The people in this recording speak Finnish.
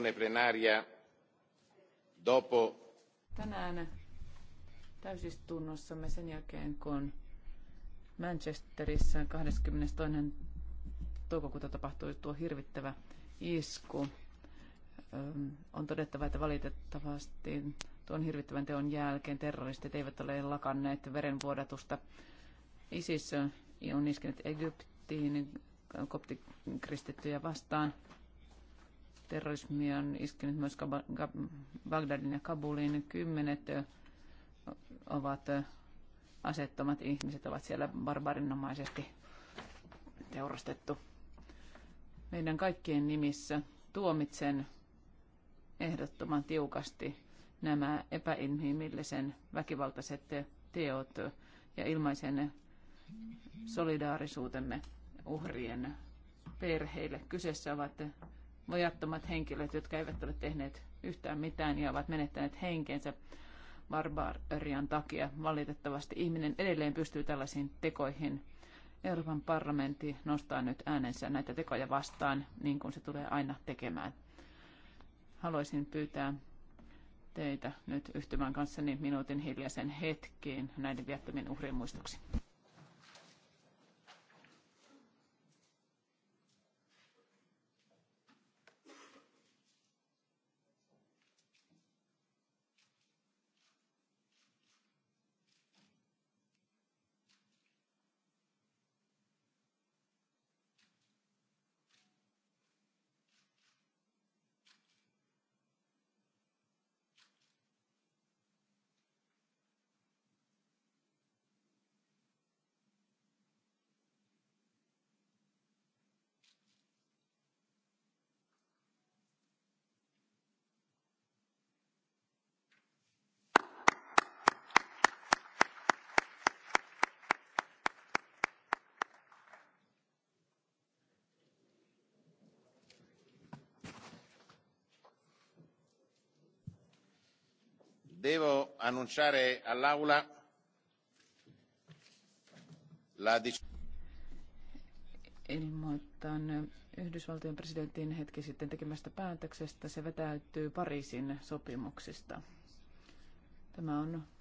riunione plenaria dopo tänään täysistunnossamme sen jälkeen kun Manchesterissa 22. toukokuuta tapahtui tuo hirvittävä isku. On todettava, että valitettavasti tuon hirvittävän teon jälkeen terroristit eivät ole lakanneet verenvuodatusta. ISIS on iskenyt Egyptiin koptikristittyjä vastaan Terrorismi on iskenyt myös Bagdadin ja Kabulin. Kymmenet ovat asettomat ihmiset ovat siellä barbarinomaisesti teurastettu. Meidän kaikkien nimissä tuomitsen ehdottoman tiukasti nämä epäinhimillisen väkivaltaiset teot ja ilmaisen solidaarisuutemme uhrien perheille. Kyseessä ovat vojattomat henkilöt, jotka eivät ole tehneet yhtään mitään ja ovat menettäneet henkensä barbarian takia. Valitettavasti ihminen edelleen pystyy tällaisiin tekoihin. Euroopan parlamentti nostaa nyt äänensä näitä tekoja vastaan, niin kuin se tulee aina tekemään. Haluaisin pyytää teitä nyt yhtymään kanssani minuutin hiljaisen hetkiin näiden viattomien uhrien muistoksi. devo annunciare all'aula la Ilmoitan Yhdysvaltojen presidentin hetki sitten tekemästä päätöksestä. Se vetäytyy Pariisin sopimuksista. Tämä on